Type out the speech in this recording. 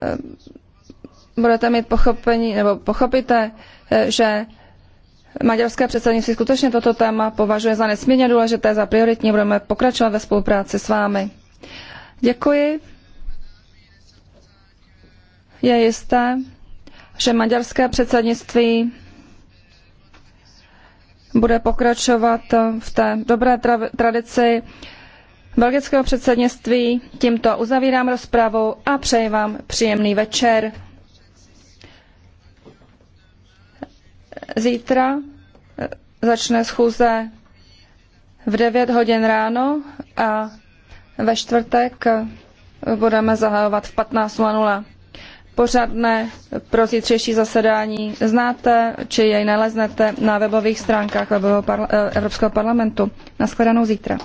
Ehm, budete mít pochopení, nebo pochopíte, eh, že maďarské předsednictví skutečně toto téma považuje za nesmírně důležité, za prioritní. Budeme pokračovat ve spolupráci s vámi. Děkuji. Je jisté, že maďarské předsednictví bude pokračovat v té dobré tradici belgického předsednictví. Tímto uzavírám rozpravu a přeji vám příjemný večer. Zítra eh, začne schůze v 9 hodin ráno a ve čtvrtek budeme zahajovat v 15.00. Pořadné pro zítřejší zasedání znáte, či jej naleznete na webových stránkách webového parla- eh, Evropského parlamentu. Naschledanou zítra.